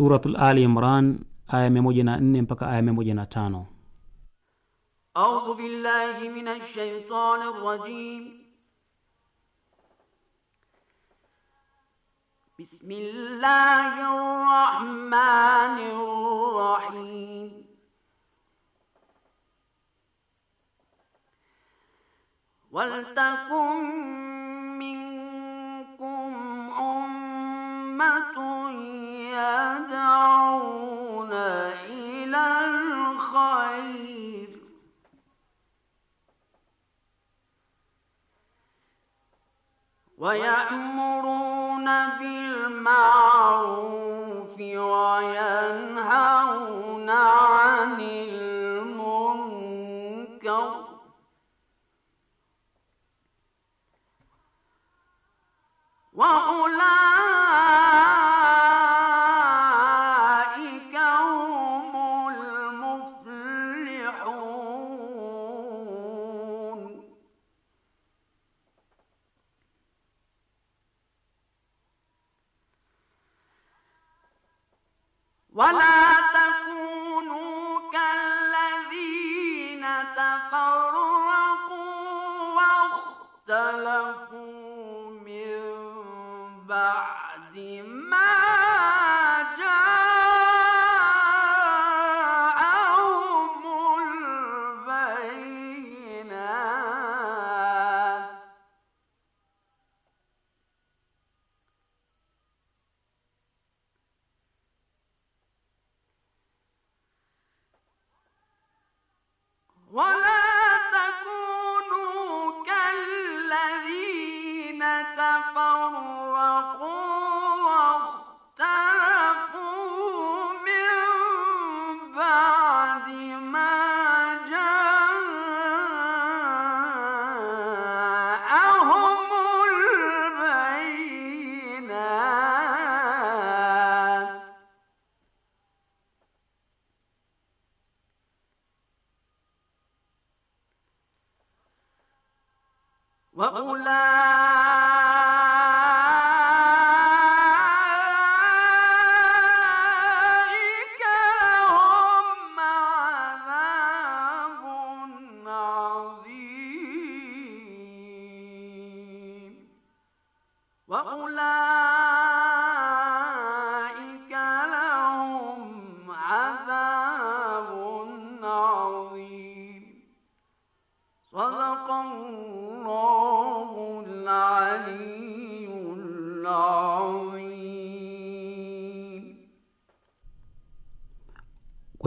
Suratul Ali Imran aya 104 mpaka aya 105. A'udhu billahi minash shaitani rrajim ويأمرون بالمعروف وينهون عن المنكر وأولئك ولا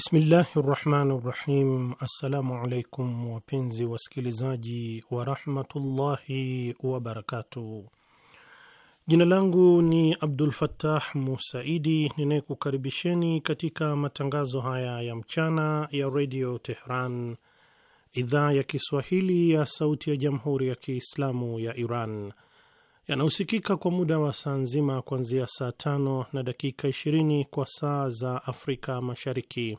Bismillahi rahmani rahim. Assalamu alaikum wapenzi wasikilizaji warahmatullahi wabarakatuh. Jina langu ni Abdul Fattah Musaidi ninayekukaribisheni katika matangazo haya ya mchana ya redio Tehran, idhaa ya Kiswahili ya sauti ya jamhuri ya Kiislamu ya Iran yanayosikika kwa muda wa saa nzima kuanzia saa tano na dakika 20 kwa saa za Afrika Mashariki,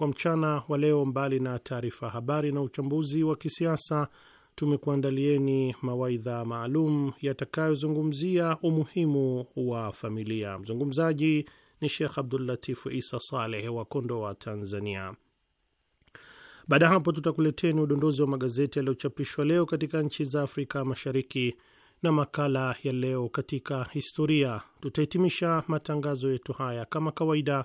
kwa mchana wa leo. Mbali na taarifa habari na uchambuzi wa kisiasa, tumekuandalieni mawaidha maalum yatakayozungumzia umuhimu wa familia. Mzungumzaji ni Shekh Abdulatifu Isa Saleh wa Kondoa, Tanzania. Baada ya hapo, tutakuleteni udondozi wa magazeti yaliyochapishwa leo katika nchi za Afrika Mashariki na makala ya leo katika historia. Tutahitimisha matangazo yetu haya kama kawaida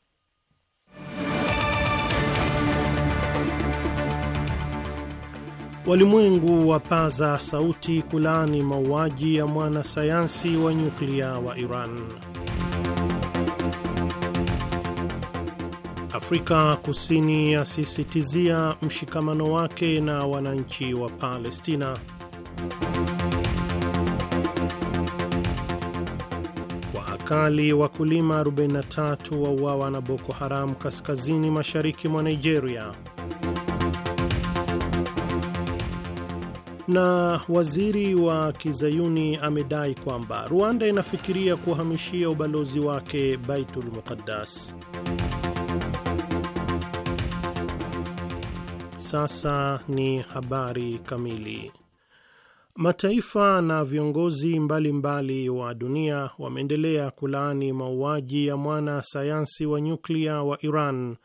Walimwengu wapaza sauti kulaani mauaji ya mwanasayansi wa nyuklia wa Iran. Afrika Kusini yasisitizia mshikamano wake na wananchi wa Palestina. Waakali wakulima 43 wauawa na Boko Haram kaskazini mashariki mwa Nigeria. Na waziri wa kizayuni amedai kwamba Rwanda inafikiria kuhamishia ubalozi wake Baitul Muqaddas. Sasa ni habari kamili. Mataifa na viongozi mbalimbali mbali wa dunia wameendelea kulaani mauaji ya mwana sayansi wa nyuklia wa Iran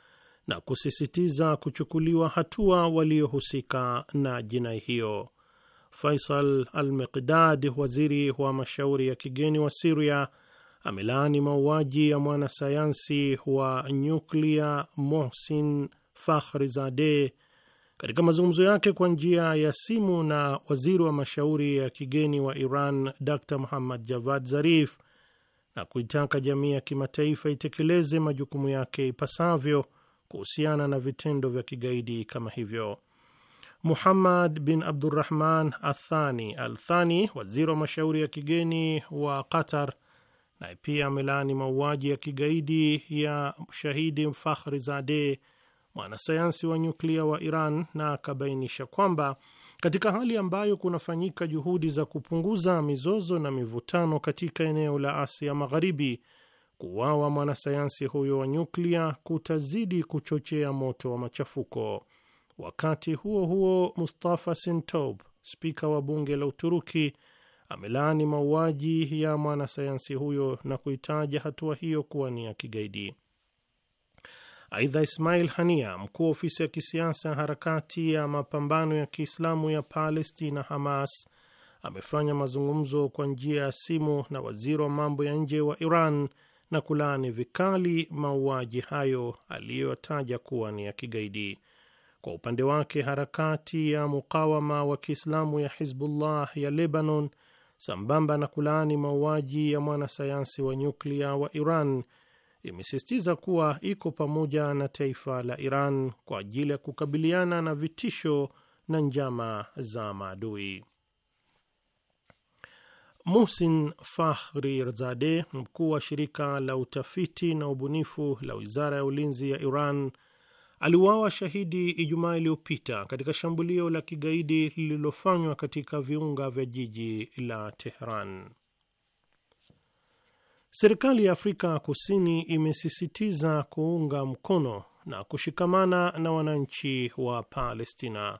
na kusisitiza kuchukuliwa hatua waliohusika na jinai hiyo. Faisal Al Miqdad, waziri wa mashauri ya kigeni wa Siria, amelaani mauaji ya mwanasayansi wa nyuklia Mohsin Fakhrizadeh katika mazungumzo yake kwa njia ya simu na waziri wa mashauri ya kigeni wa Iran Dr Muhammad Javad Zarif na kuitaka jamii ya kimataifa itekeleze majukumu yake ipasavyo kuhusiana na vitendo vya kigaidi kama hivyo. Muhammad bin Abdurrahman Athani Althani, waziri wa mashauri ya kigeni wa Qatar, naye pia amelaani mauaji ya kigaidi ya shahidi Fakhri Zade, mwanasayansi wa nyuklia wa Iran, na akabainisha kwamba katika hali ambayo kunafanyika juhudi za kupunguza mizozo na mivutano katika eneo la Asia Magharibi, kuuawa mwanasayansi huyo wa nyuklia kutazidi kuchochea moto wa machafuko. Wakati huo huo, Mustafa Sintob, spika wa bunge la Uturuki, amelaani mauaji ya mwanasayansi huyo na kuitaja hatua hiyo kuwa ni ya kigaidi. Aidha, Ismail Hania, mkuu wa ofisi ya kisiasa harakati ya mapambano ya Kiislamu ya Palestina, Hamas, amefanya mazungumzo kwa njia ya simu na waziri wa mambo ya nje wa Iran na kulaani vikali mauaji hayo aliyotaja kuwa ni ya kigaidi. Kwa upande wake, harakati ya mukawama wa Kiislamu ya Hizbullah ya Lebanon, sambamba na kulaani mauaji ya mwanasayansi wa nyuklia wa Iran, imesisitiza kuwa iko pamoja na taifa la Iran kwa ajili ya kukabiliana na vitisho na njama za maadui. Muhsin Fakhrizadeh, mkuu wa shirika la utafiti na ubunifu la wizara ya ulinzi ya Iran, aliuawa shahidi Ijumaa iliyopita katika shambulio la kigaidi lililofanywa katika viunga vya jiji la Tehran. Serikali ya Afrika Kusini imesisitiza kuunga mkono na kushikamana na wananchi wa Palestina.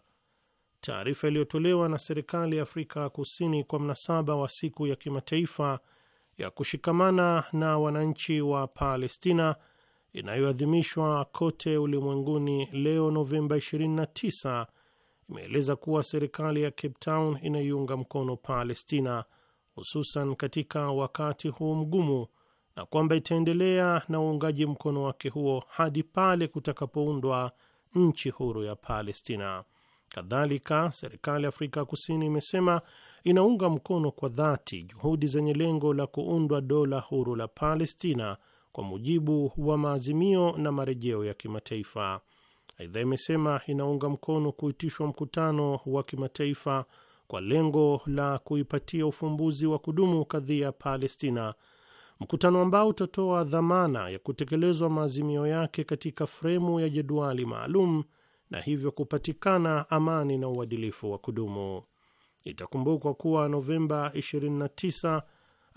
Taarifa iliyotolewa na serikali ya Afrika Kusini kwa mnasaba wa siku ya kimataifa ya kushikamana na wananchi wa Palestina inayoadhimishwa kote ulimwenguni leo Novemba 29 imeeleza kuwa serikali ya Cape Town inaiunga mkono Palestina hususan katika wakati huu mgumu na kwamba itaendelea na uungaji mkono wake huo hadi pale kutakapoundwa nchi huru ya Palestina. Kadhalika, serikali ya Afrika Kusini imesema inaunga mkono kwa dhati juhudi zenye lengo la kuundwa dola huru la Palestina kwa mujibu wa maazimio na marejeo ya kimataifa. Aidha, imesema inaunga mkono kuitishwa mkutano wa kimataifa kwa lengo la kuipatia ufumbuzi wa kudumu kadhia Palestina, mkutano ambao utatoa dhamana ya kutekelezwa maazimio yake katika fremu ya jedwali maalum na hivyo kupatikana amani na uadilifu wa kudumu. Itakumbukwa kuwa Novemba 29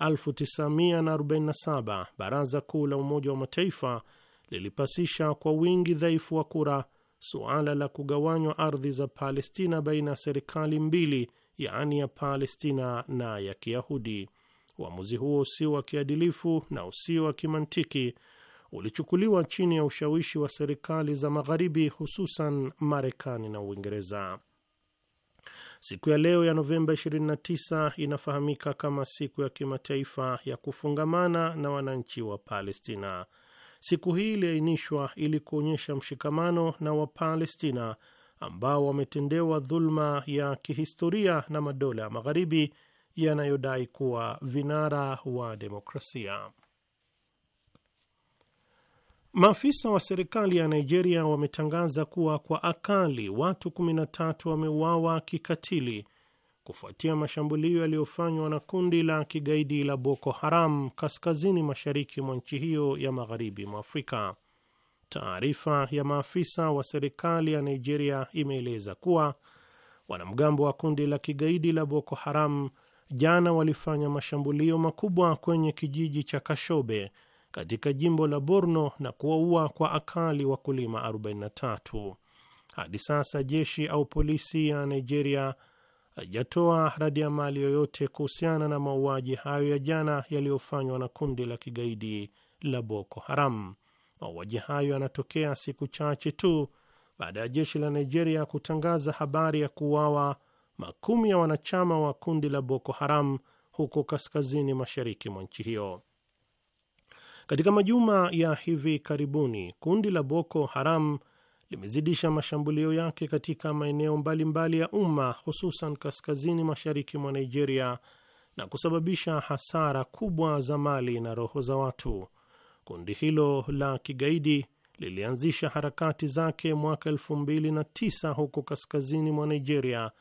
1947 Baraza Kuu la Umoja wa Mataifa lilipasisha kwa wingi dhaifu wa kura suala la kugawanywa ardhi za Palestina baina ya serikali mbili, yaani ya Palestina na ya Kiyahudi. Uamuzi huo usio wa kiadilifu na usio wa kimantiki ulichukuliwa chini ya ushawishi wa serikali za Magharibi, hususan Marekani na Uingereza. Siku ya leo ya Novemba 29 inafahamika kama siku ya kimataifa ya kufungamana na wananchi wa Palestina. Siku hii iliainishwa ili kuonyesha mshikamano na Wapalestina ambao wametendewa dhuluma ya kihistoria na madola ya magharibi yanayodai kuwa vinara wa demokrasia. Maafisa wa serikali ya Nigeria wametangaza kuwa kwa akali watu 13 wameuawa kikatili kufuatia mashambulio yaliyofanywa na kundi la kigaidi la Boko Haram kaskazini mashariki mwa nchi hiyo ya magharibi mwa Afrika. Taarifa ya maafisa wa serikali ya Nigeria imeeleza kuwa wanamgambo wa kundi la kigaidi la Boko Haram jana walifanya mashambulio makubwa kwenye kijiji cha Kashobe katika jimbo la Borno na kuwaua kwa akali wakulima 43. Hadi sasa jeshi au polisi ya Nigeria haijatoa mali yoyote kuhusiana na mauaji hayo ya jana yaliyofanywa na kundi la kigaidi la Boko Haram. Mauaji hayo yanatokea siku chache tu baada ya jeshi la Nigeria kutangaza habari ya kuuawa makumi ya wanachama wa kundi la Boko Haram huko kaskazini mashariki mwa nchi hiyo. Katika majuma ya hivi karibuni, kundi la Boko Haram limezidisha mashambulio yake katika maeneo mbalimbali ya umma, hususan kaskazini mashariki mwa Nigeria na kusababisha hasara kubwa za mali na roho za watu. Kundi hilo la kigaidi lilianzisha harakati zake mwaka elfu mbili na tisa huko kaskazini mwa Nigeria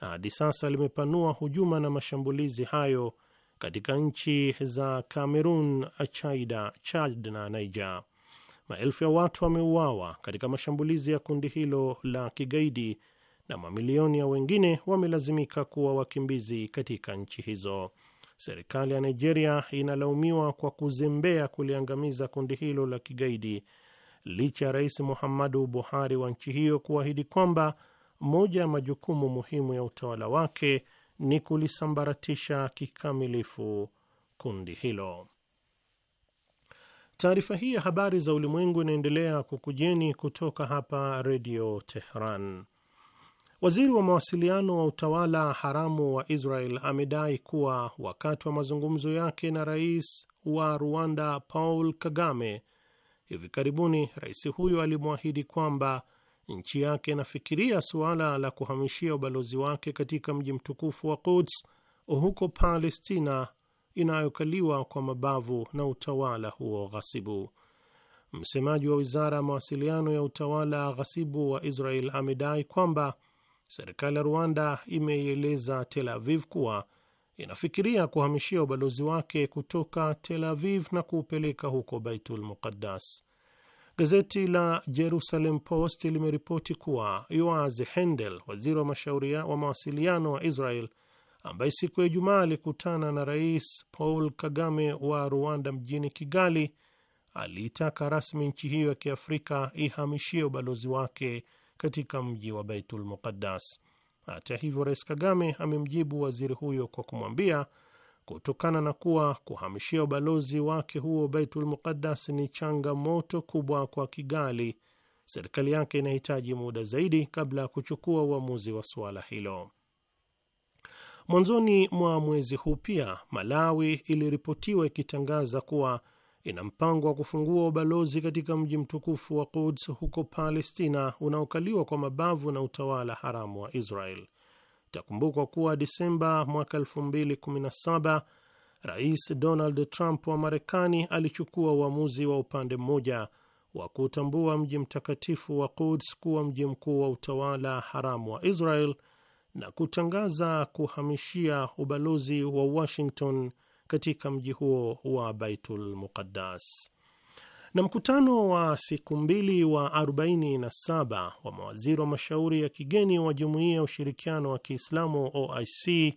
na hadi sasa limepanua hujuma na mashambulizi hayo katika nchi za Cameroon, Chaida, Chad na Niger. Maelfu ya watu wameuawa katika mashambulizi ya kundi hilo la kigaidi na mamilioni ya wengine wamelazimika kuwa wakimbizi katika nchi hizo. Serikali ya Nigeria inalaumiwa kwa kuzembea kuliangamiza kundi hilo la kigaidi licha ya Rais Muhammadu Buhari wa nchi hiyo kuahidi kwamba moja ya majukumu muhimu ya utawala wake ni kulisambaratisha kikamilifu kundi hilo. Taarifa hii ya habari za ulimwengu inaendelea kukujeni kutoka hapa Redio Tehran. Waziri wa mawasiliano wa utawala haramu wa Israel amedai kuwa wakati wa mazungumzo yake na rais wa Rwanda Paul Kagame hivi karibuni, rais huyo alimwahidi kwamba nchi yake inafikiria suala la kuhamishia ubalozi wake katika mji mtukufu wa Quds huko Palestina inayokaliwa kwa mabavu na utawala huo ghasibu. Msemaji wa wizara ya mawasiliano ya utawala ghasibu wa Israel amedai kwamba serikali ya Rwanda imeieleza Tel Aviv kuwa inafikiria kuhamishia ubalozi wake kutoka Tel Aviv na kuupeleka huko Baitul Muqaddas. Gazeti la Jerusalem Post limeripoti kuwa Yoaz Hendel, waziri wa mashauri wa mawasiliano wa Israel, ambaye siku ya Ijumaa alikutana na Rais Paul Kagame wa Rwanda mjini Kigali, aliitaka rasmi nchi hiyo ya Kiafrika ihamishie ubalozi wake katika mji wa Baitul Muqaddas. Hata hivyo, Rais Kagame amemjibu waziri huyo kwa kumwambia kutokana na kuwa kuhamishia ubalozi wake huo Baitul Muqaddas ni changamoto kubwa kwa Kigali, serikali yake inahitaji muda zaidi kabla ya kuchukua uamuzi wa suala hilo. Mwanzoni mwa mwezi huu pia Malawi iliripotiwa ikitangaza kuwa ina mpango wa kufungua ubalozi katika mji mtukufu wa Quds huko Palestina unaokaliwa kwa mabavu na utawala haramu wa Israel. Itakumbukwa kuwa Disemba mwaka 2017 Rais Donald Trump wa Marekani alichukua uamuzi wa upande mmoja wa kutambua mji mtakatifu wa Quds kuwa mji mkuu wa utawala haramu wa Israel na kutangaza kuhamishia ubalozi wa Washington katika mji huo wa Baitul Muqaddas na mkutano wa siku mbili wa 47 wa mawaziri wa mashauri ya kigeni wa Jumuiya ya Ushirikiano wa Kiislamu OIC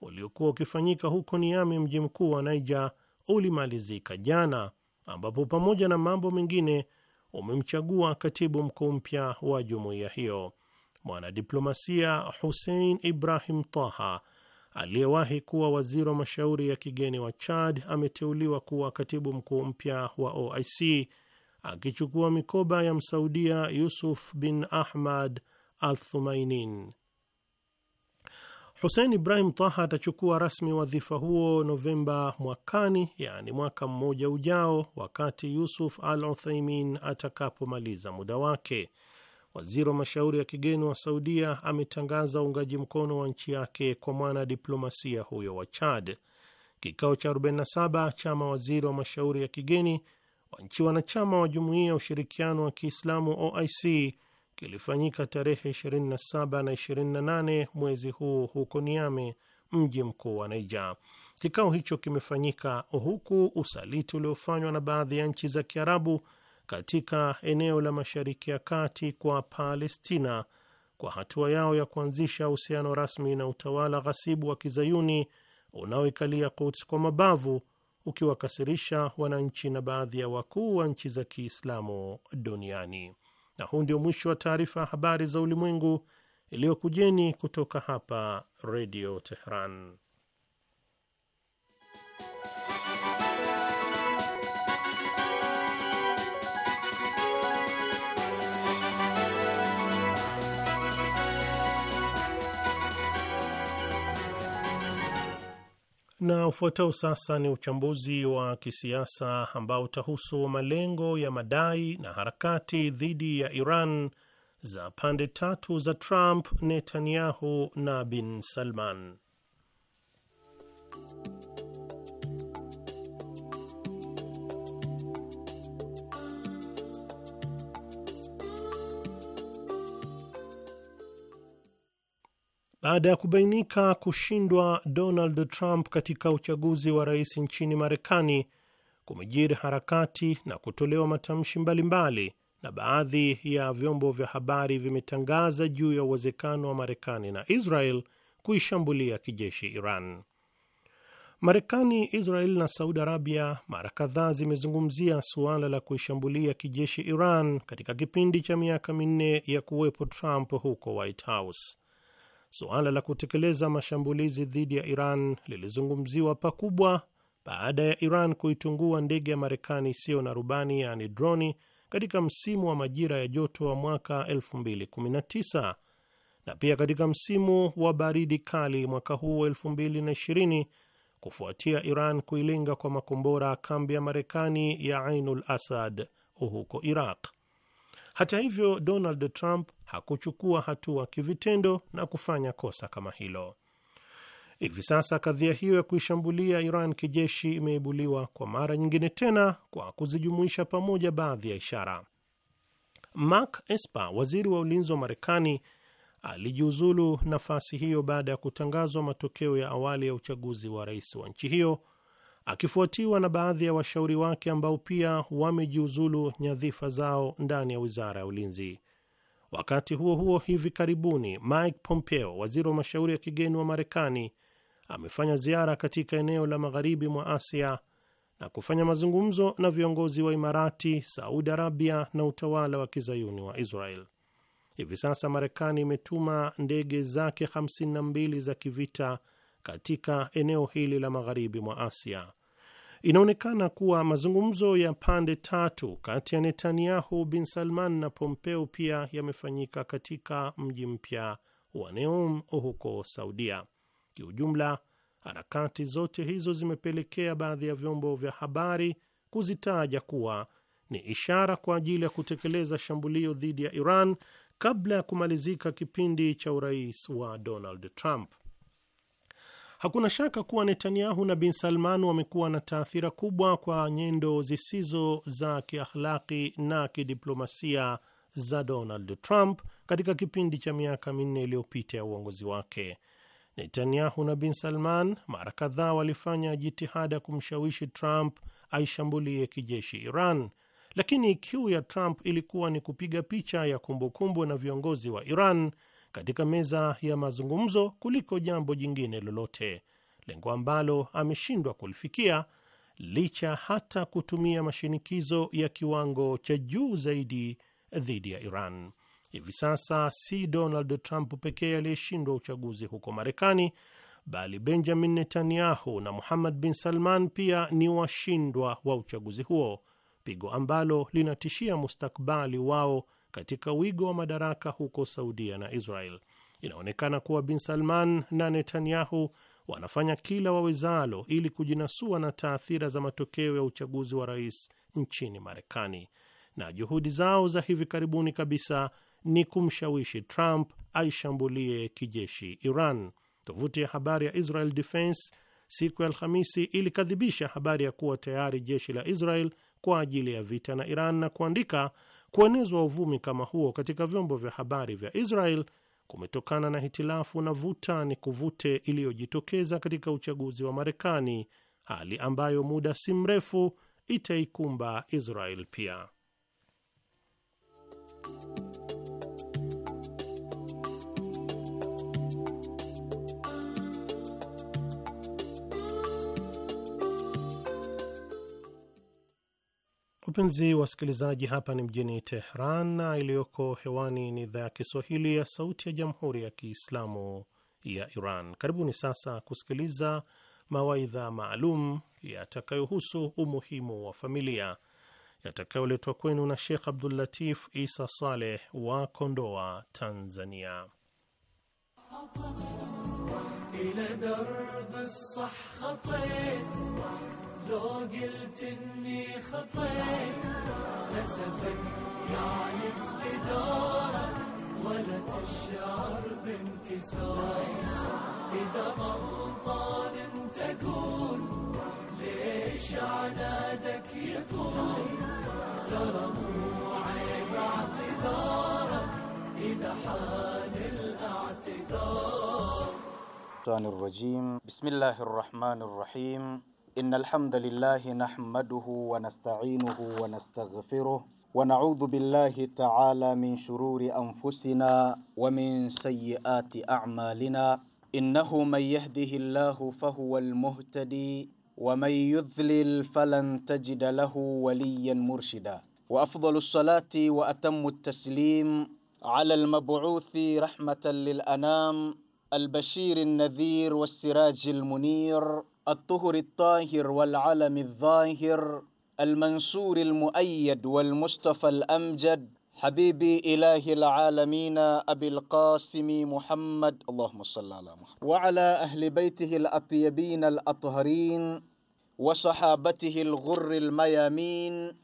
uliokuwa ukifanyika huko Niami, mji mkuu wa Naija, ulimalizika jana, ambapo pamoja na mambo mengine umemchagua katibu mkuu mpya wa jumuiya hiyo. Mwanadiplomasia Hussein Ibrahim Taha aliyewahi kuwa waziri wa mashauri ya kigeni wa Chad ameteuliwa kuwa katibu mkuu mpya wa OIC akichukua mikoba ya msaudia Yusuf bin Ahmad Althumainin. Husein Ibrahim Taha atachukua rasmi wadhifa huo Novemba mwakani, yaani mwaka mmoja ujao, wakati Yusuf al Uthaimin atakapomaliza muda wake. Waziri wa mashauri ya kigeni wa Saudia ametangaza uungaji mkono wa nchi yake kwa mwanadiplomasia huyo wa Chad. Kikao cha 47 cha mawaziri wa mashauri ya kigeni wa nchi wanachama wa Jumuiya ya Ushirikiano wa Kiislamu OIC kilifanyika tarehe 27 na 28 mwezi huu huko Niame, mji mkuu wa Naija. Kikao hicho kimefanyika huku usaliti uliofanywa na baadhi ya nchi za Kiarabu katika eneo la Mashariki ya Kati kwa Palestina kwa hatua yao ya kuanzisha uhusiano rasmi na utawala ghasibu wa kizayuni unaoikalia Quds kwa mabavu, ukiwakasirisha wananchi na baadhi ya wakuu wa nchi za Kiislamu duniani. Na huu ndio mwisho wa taarifa ya habari za ulimwengu iliyokujeni kutoka hapa Redio Tehran. Na ufuatao sasa ni uchambuzi wa kisiasa ambao utahusu malengo ya madai na harakati dhidi ya Iran za pande tatu za Trump, Netanyahu na bin Salman. Baada ya kubainika kushindwa Donald Trump katika uchaguzi wa rais nchini Marekani, kumejiri harakati na kutolewa matamshi mbalimbali, na baadhi ya vyombo vya habari vimetangaza juu ya uwezekano wa Marekani na Israel kuishambulia kijeshi Iran. Marekani, Israel na Saudi Arabia mara kadhaa zimezungumzia suala la kuishambulia kijeshi Iran katika kipindi cha miaka minne ya kuwepo Trump huko White House suala la kutekeleza mashambulizi dhidi ya Iran lilizungumziwa pakubwa baada ya Iran kuitungua ndege ya Marekani isiyo na rubani yaani droni katika msimu wa majira ya joto wa mwaka 2019 na pia katika msimu wa baridi kali mwaka huu wa 2020 kufuatia Iran kuilenga kwa makombora kambi ya Marekani ya Ainul Asad huko Iraq. Hata hivyo, Donald Trump hakuchukua hatua kivitendo na kufanya kosa kama hilo. Hivi sasa kadhia hiyo ya kuishambulia Iran kijeshi imeibuliwa kwa mara nyingine tena kwa kuzijumuisha pamoja baadhi ya ishara. Mark Esper, waziri wa ulinzi wa Marekani, alijiuzulu nafasi hiyo baada ya kutangazwa matokeo ya awali ya uchaguzi wa rais wa nchi hiyo, akifuatiwa na baadhi ya washauri wake ambao pia wamejiuzulu nyadhifa zao ndani ya wizara ya ulinzi. Wakati huo huo, hivi karibuni Mike Pompeo, waziri wa mashauri ya kigeni wa Marekani, amefanya ziara katika eneo la magharibi mwa Asia na kufanya mazungumzo na viongozi wa Imarati, Saudi Arabia na utawala wa kizayuni wa Israel. Hivi sasa Marekani imetuma ndege zake 52 za kivita katika eneo hili la magharibi mwa Asia. Inaonekana kuwa mazungumzo ya pande tatu kati ya Netanyahu, bin Salman na Pompeo pia yamefanyika katika mji mpya wa Neom huko Saudia. Kiujumla, harakati zote hizo zimepelekea baadhi ya vyombo vya habari kuzitaja kuwa ni ishara kwa ajili ya kutekeleza shambulio dhidi ya Iran kabla ya kumalizika kipindi cha urais wa Donald Trump. Hakuna shaka kuwa Netanyahu na bin Salman wamekuwa na taathira kubwa kwa nyendo zisizo za kiakhlaki na kidiplomasia za Donald Trump katika kipindi cha miaka minne iliyopita ya uongozi wake. Netanyahu na bin Salman mara kadhaa walifanya jitihada kumshawishi Trump aishambulie kijeshi Iran, lakini kiu ya Trump ilikuwa ni kupiga picha ya kumbukumbu na viongozi wa Iran katika meza ya mazungumzo kuliko jambo jingine lolote, lengo ambalo ameshindwa kulifikia licha hata kutumia mashinikizo ya kiwango cha juu zaidi dhidi ya Iran. Hivi sasa si Donald Trump pekee aliyeshindwa uchaguzi huko Marekani, bali Benjamin Netanyahu na Muhammad bin Salman pia ni washindwa wa uchaguzi huo, pigo ambalo linatishia mustakbali wao katika wigo wa madaraka huko Saudia na Israel. Inaonekana kuwa Bin Salman na Netanyahu wanafanya kila wawezalo ili kujinasua na taathira za matokeo ya uchaguzi wa rais nchini Marekani, na juhudi zao za hivi karibuni kabisa ni kumshawishi Trump aishambulie kijeshi Iran. Tovuti ya habari ya Israel Defense siku ya Alhamisi ilikadhibisha habari ya kuwa tayari jeshi la Israel kwa ajili ya vita na Iran na kuandika Kuenezwa uvumi kama huo katika vyombo vya habari vya Israel kumetokana na hitilafu na vuta ni kuvute iliyojitokeza katika uchaguzi wa Marekani, hali ambayo muda si mrefu itaikumba Israel pia. Wapenzi wasikilizaji, hapa ni mjini Tehran na iliyoko hewani ni idhaa ya Kiswahili ya Sauti ya Jamhuri ya Kiislamu ya Iran. Karibuni sasa kusikiliza mawaidha maalum yatakayohusu umuhimu wa familia yatakayoletwa kwenu na Shekh Abdullatif Isa Saleh wa Kondoa, Tanzania. لو قلت اني خطيت لسفك يعني اقتدارك ولا تشعر بانكسارك اذا غلطان انت قول ليش عنادك يطول ترى مو عيب اعتذارك اذا حان الاعتذار الشيطان الرجيم بسم الله الرحمن الرحيم إن الحمد لله نحمده ونستعينه ونستغفره ونعوذ بالله تعالى من شرور أنفسنا ومن سيئات أعمالنا إنه من يهده الله فهو المهتدي ومن يذلل فلن تجد له وليا مرشدا وأفضل الصلاة وأتم التسليم على المبعوث رحمة للأنام البشير النذير والسراج المنير الطهر الطاهر والعلم الظاهر المنصور المؤيد والمصطفى الأمجد حبيبي إله العالمين أبي القاسم محمد اللهم صل على محمد وعلى أهل بيته الأطيبين الأطهرين وصحابته الغر الميامين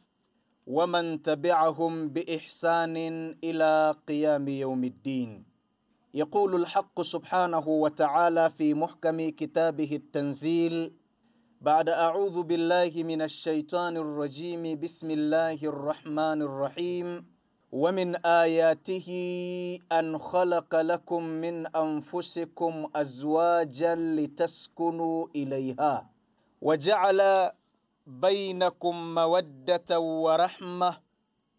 ومن تبعهم بإحسان إلى قيام يوم الدين يقول الحق سبحانه وتعالى في محكم كتابه التنزيل بعد أعوذ بالله من الشيطان الرجيم بسم الله الرحمن الرحيم ومن آياته أن خلق لكم من أنفسكم أزواجا لتسكنوا إليها وجعل بينكم مودة ورحمة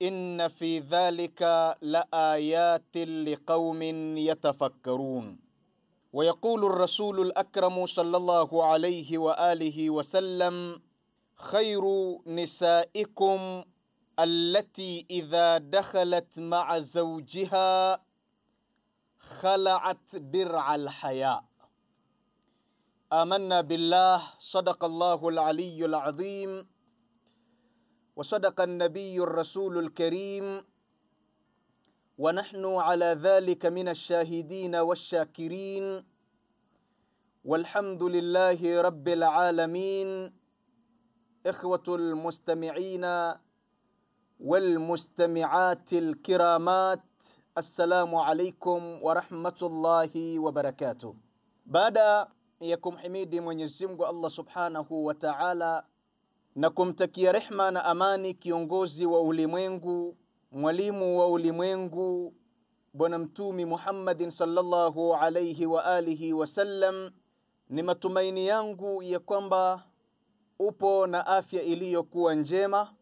إن في ذلك لآيات لقوم يتفكرون ويقول الرسول الأكرم صلى الله عليه وآله وسلم خير نسائكم التي إذا دخلت مع زوجها خلعت درع الحياء آمنا بالله صدق الله العلي العظيم وصدق النبي الرسول الكريم ونحن على ذلك من الشاهدين والشاكرين والحمد لله رب العالمين إخوة المستمعين والمستمعات الكرامات السلام عليكم ورحمة الله وبركاته بعد يكم حميد من الله سبحانه وتعالى na kumtakia rehma na amani kiongozi wa ulimwengu mwalimu wa ulimwengu bwana mtumi Muhammadin sallallahu alayhi wa alihi wasallam ni matumaini yangu ya kwamba upo na afya iliyokuwa njema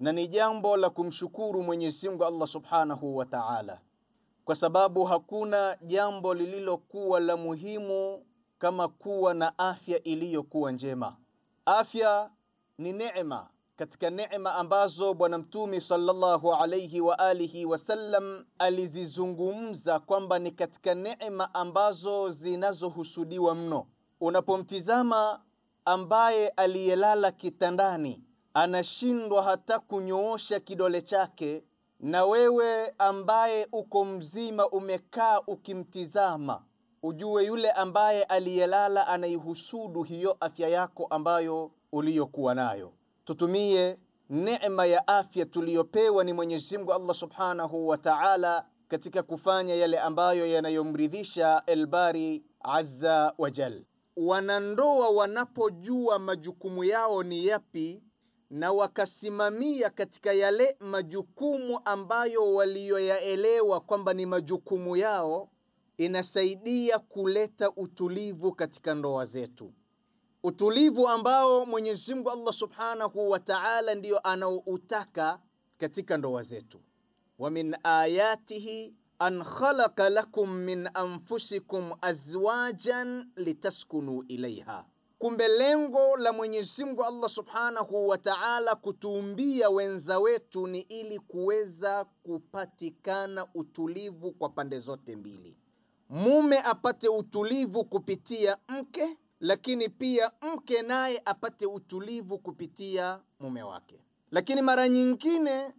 na ni jambo la kumshukuru Mwenyezi Mungu Allah Subhanahu wa Ta'ala kwa sababu hakuna jambo lililokuwa la muhimu kama kuwa na afya iliyokuwa njema afya ni neema katika neema ambazo bwana mtume sallallahu alayhi wa alihi wasallam alizizungumza kwamba ni katika neema ambazo zinazohusudiwa mno. Unapomtizama ambaye aliyelala kitandani anashindwa hata kunyoosha kidole chake, na wewe ambaye uko mzima umekaa ukimtizama, ujue yule ambaye aliyelala anaihusudu hiyo afya yako ambayo uliyokuwa nayo. Tutumie neema ya afya tuliyopewa ni Mwenyezi Mungu Allah Subhanahu wa Ta'ala katika kufanya yale ambayo yanayomridhisha Elbari Azza wa Jal. Wanandoa wanapojua majukumu yao ni yapi na wakasimamia katika yale majukumu ambayo waliyoyaelewa kwamba ni majukumu yao, inasaidia kuleta utulivu katika ndoa zetu utulivu ambao Mwenyezi Mungu Allah Subhanahu wa Ta'ala ndiyo anaoutaka katika ndoa zetu. Wa min ayatihi an khalaqa lakum min anfusikum azwajan litaskunu ilaiha, kumbe lengo la Mwenyezi Mungu Allah Subhanahu wa Ta'ala kutuumbia wenza wetu ni ili kuweza kupatikana utulivu kwa pande zote mbili, mume apate utulivu kupitia mke lakini pia mke naye apate utulivu kupitia mume wake. Lakini mara nyingine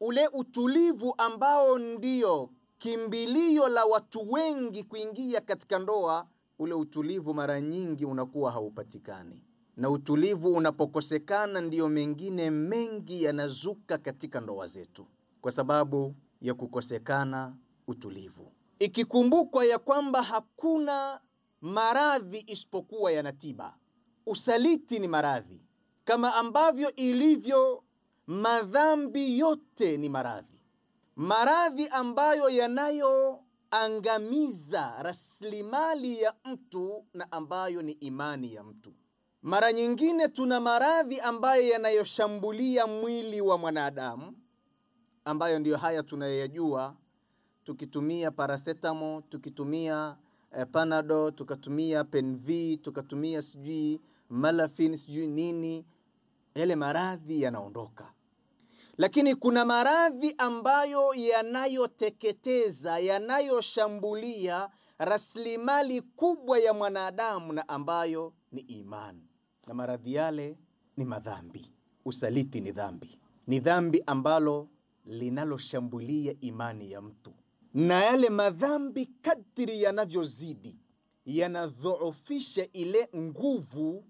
ule utulivu ambao ndio kimbilio la watu wengi kuingia katika ndoa, ule utulivu mara nyingi unakuwa haupatikani, na utulivu unapokosekana, ndiyo mengine mengi yanazuka katika ndoa zetu kwa sababu ya kukosekana utulivu, ikikumbukwa ya kwamba hakuna maradhi isipokuwa yana tiba. Usaliti ni maradhi kama ambavyo ilivyo madhambi yote ni maradhi, maradhi ambayo yanayoangamiza rasilimali ya mtu na ambayo ni imani ya mtu. Mara nyingine tuna maradhi ambayo yanayoshambulia mwili wa mwanadamu, ambayo ndiyo haya tunayoyajua, tukitumia parasetamo, tukitumia eh, panado tukatumia penv tukatumia sijui malafin sijui nini yale maradhi yanaondoka lakini kuna maradhi ambayo yanayoteketeza yanayoshambulia rasilimali kubwa ya mwanadamu na ambayo ni imani na maradhi yale ni madhambi usaliti ni dhambi ni dhambi ambalo linaloshambulia imani ya mtu na yale madhambi kadri yanavyozidi yanadhoofisha ile nguvu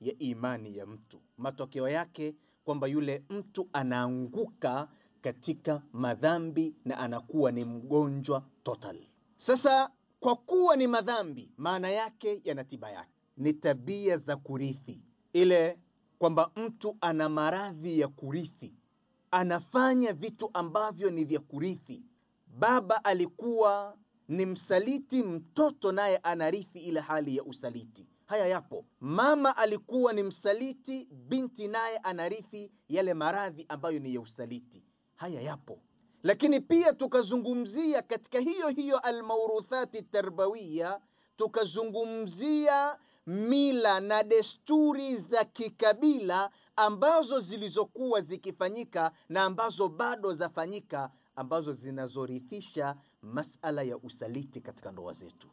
ya imani ya mtu. Matokeo yake kwamba yule mtu anaanguka katika madhambi na anakuwa ni mgonjwa total. Sasa kwa kuwa ni madhambi, maana yake yana tiba yake, ni tabia za kurithi, ile kwamba mtu ana maradhi ya kurithi, anafanya vitu ambavyo ni vya kurithi baba alikuwa ni msaliti, mtoto naye anarithi ile hali ya usaliti. Haya yapo. Mama alikuwa ni msaliti, binti naye anarithi yale maradhi ambayo ni ya usaliti. Haya yapo. Lakini pia tukazungumzia katika hiyo hiyo almauruthati tarbawiya, tukazungumzia mila na desturi za kikabila ambazo zilizokuwa zikifanyika na ambazo bado zafanyika ambazo zinazorithisha masala ya usaliti katika ndoa zetu.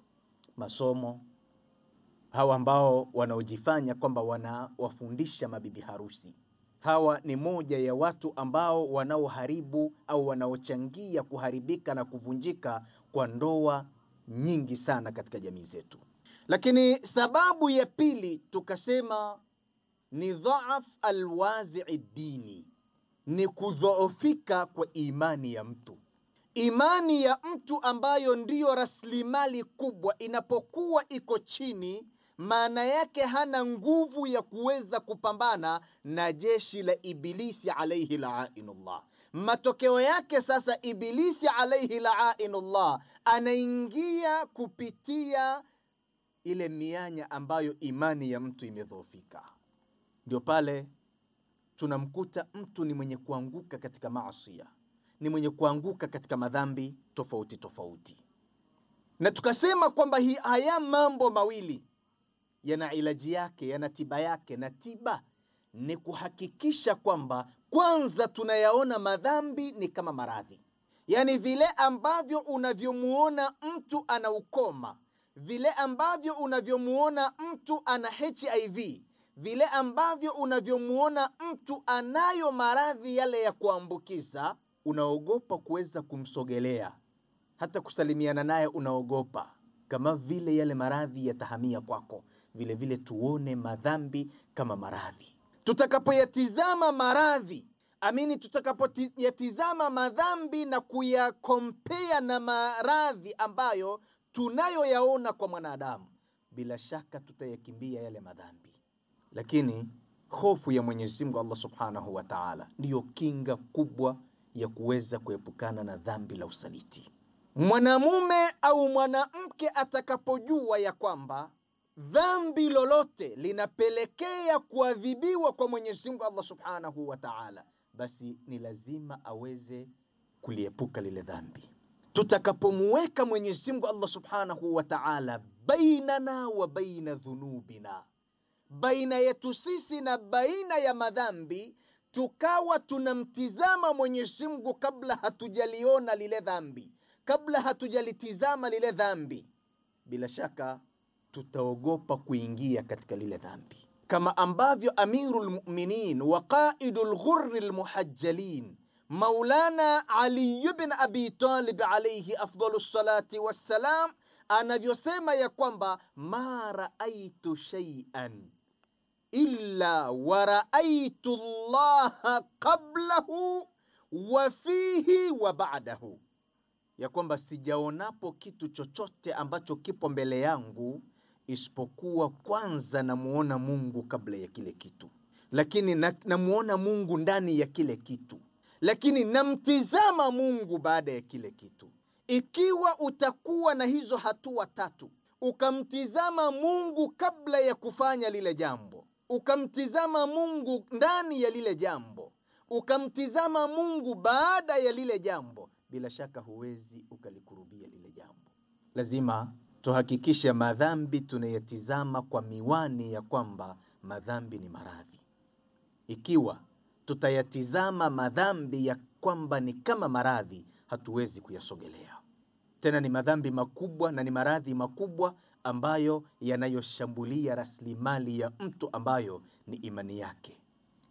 Masomo, hawa ambao wanaojifanya kwamba wanawafundisha mabibi harusi, hawa ni moja ya watu ambao wanaoharibu au wanaochangia kuharibika na kuvunjika kwa ndoa nyingi sana katika jamii zetu. Lakini sababu ya pili tukasema ni dhaaf alwazi'i dini ni kudhoofika kwa imani ya mtu. Imani ya mtu ambayo ndiyo rasilimali kubwa inapokuwa iko chini, maana yake hana nguvu ya kuweza kupambana na jeshi la Ibilisi alaihi laainullah. Matokeo yake sasa, Ibilisi alaihi laainullah anaingia kupitia ile mianya ambayo imani ya mtu imedhoofika, ndio pale tunamkuta mtu ni mwenye kuanguka katika maasiya, ni mwenye kuanguka katika madhambi tofauti tofauti. Na tukasema kwamba hii haya mambo mawili yana ilaji yake, yana tiba yake, na tiba ni kuhakikisha kwamba kwanza tunayaona madhambi ni kama maradhi, yaani vile ambavyo unavyomuona mtu ana ukoma, vile ambavyo unavyomuona mtu ana HIV vile ambavyo unavyomuona mtu anayo maradhi yale ya kuambukiza, unaogopa kuweza kumsogelea, hata kusalimiana naye unaogopa, kama vile yale maradhi yatahamia kwako. Vile vile tuone madhambi kama maradhi, tutakapoyatizama maradhi amini, tutakapoyatizama madhambi na kuyakompea na maradhi ambayo tunayoyaona kwa mwanadamu, bila shaka tutayakimbia yale madhambi. Lakini hofu ya Mwenyezi Mungu Allah Subhanahu wa Ta'ala ndiyo kinga kubwa ya kuweza kuepukana na dhambi la usaliti. Mwanamume au mwanamke atakapojua ya kwamba dhambi lolote linapelekea kuadhibiwa kwa Mwenyezi Mungu Allah Subhanahu wa Ta'ala, basi ni lazima aweze kuliepuka lile dhambi. Tutakapomuweka Mwenyezi Mungu Allah Subhanahu wa Ta'ala bainana wa baina dhunubina baina yetu sisi na baina ya madhambi, tukawa tunamtizama Mwenyezi Mungu kabla hatujaliona lile dhambi, kabla hatujalitizama lile dhambi, bila shaka tutaogopa kuingia katika lile dhambi, kama ambavyo Amirul Mu'minin wa qaidul ghurril muhajjalin Maulana Ali ibn Abi Talib alayhi afdalu salati wassalam anavyosema ya kwamba ma raaitu shay'an illa waraaitu llaha qablahu wa fihi wa ba'dahu, ya kwamba sijaonapo kitu chochote ambacho kipo mbele yangu isipokuwa kwanza namuona Mungu kabla ya kile kitu, lakini namuona Mungu ndani ya kile kitu, lakini namtizama Mungu baada ya kile kitu. Ikiwa utakuwa na hizo hatua tatu, ukamtizama Mungu kabla ya kufanya lile jambo ukamtizama Mungu ndani ya lile jambo, ukamtizama Mungu baada ya lile jambo, bila shaka huwezi ukalikurubia lile jambo. Lazima tuhakikishe madhambi tunayetizama kwa miwani ya kwamba madhambi ni maradhi. Ikiwa tutayatizama madhambi ya kwamba ni kama maradhi, hatuwezi kuyasogelea. Tena ni madhambi makubwa na ni maradhi makubwa ambayo yanayoshambulia rasilimali ya mtu ambayo ni imani yake,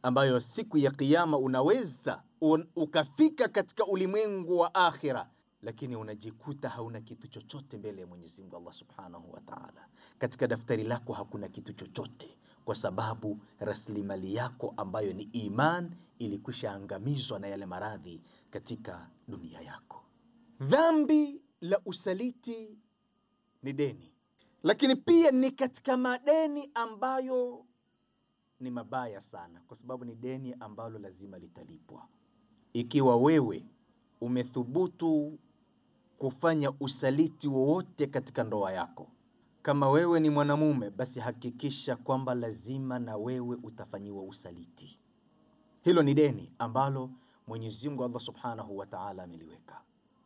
ambayo siku ya Kiyama unaweza un, ukafika katika ulimwengu wa akhira lakini unajikuta hauna kitu chochote mbele ya Mwenyezi Mungu Allah Subhanahu wa Ta'ala. Katika daftari lako hakuna kitu chochote, kwa sababu rasilimali yako ambayo ni iman ilikwisha angamizwa na yale maradhi katika dunia yako. Dhambi la usaliti ni deni lakini pia ni katika madeni ambayo ni mabaya sana, kwa sababu ni deni ambalo lazima litalipwa. Ikiwa wewe umethubutu kufanya usaliti wowote katika ndoa yako, kama wewe ni mwanamume, basi hakikisha kwamba lazima na wewe utafanyiwa usaliti. Hilo ni deni ambalo Mwenyezi Mungu Allah Subhanahu wa Ta'ala ameliweka,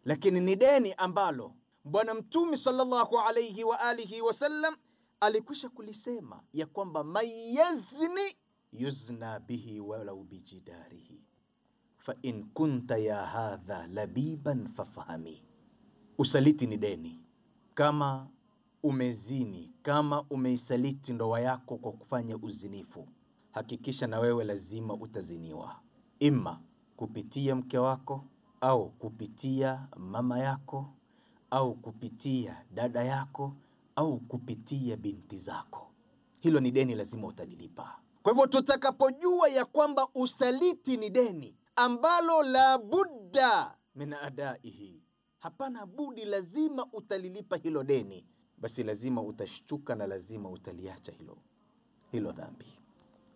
lakini ni deni ambalo Bwana Mtume sallallahu alayhi wa alihi sallam alikwisha kulisema ya kwamba mayazni yuzna bihi walau bijidarihi fa in kunta ya hadha labiban fafahami, usaliti ni deni. Kama umezini, kama umeisaliti ndoa yako kwa kufanya uzinifu, hakikisha na wewe lazima utaziniwa, ima kupitia mke wako au kupitia mama yako au kupitia dada yako au kupitia binti zako. Hilo ni deni, lazima utalilipa. Kwa hivyo tutakapojua ya kwamba usaliti ni deni ambalo la budda min adaihi, hapana budi, lazima utalilipa hilo deni, basi lazima utashtuka na lazima utaliacha hilo hilo dhambi.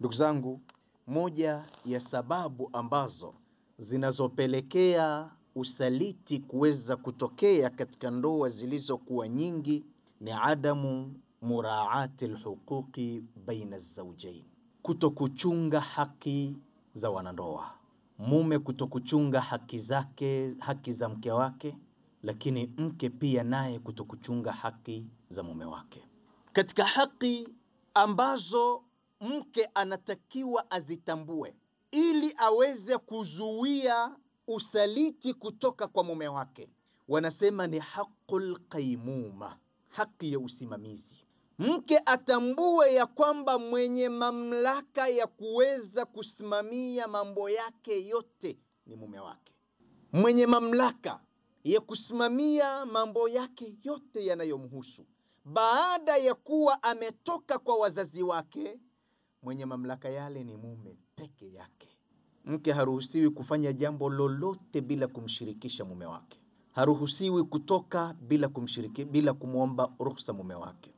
Ndugu zangu, moja ya sababu ambazo zinazopelekea usaliti kuweza kutokea katika ndoa zilizokuwa nyingi ni adamu muraati lhuquqi baina zaujain, kutokuchunga haki za wanandoa, mume kutokuchunga haki zake, haki za mke wake, lakini mke pia naye kutokuchunga haki za mume wake. Katika haki ambazo mke anatakiwa azitambue ili aweze kuzuia usaliti kutoka kwa mume wake, wanasema ni haqul qaimuma, haki ya usimamizi. Mke atambue ya kwamba mwenye mamlaka ya kuweza kusimamia mambo yake yote ni mume wake, mwenye mamlaka ya kusimamia mambo yake yote yanayomhusu baada ya kuwa ametoka kwa wazazi wake. Mwenye mamlaka yale ni mume peke yake mke haruhusiwi kufanya jambo lolote bila kumshirikisha mume wake. Haruhusiwi kutoka bila kumshiriki, bila kumwomba ruhusa mume wake.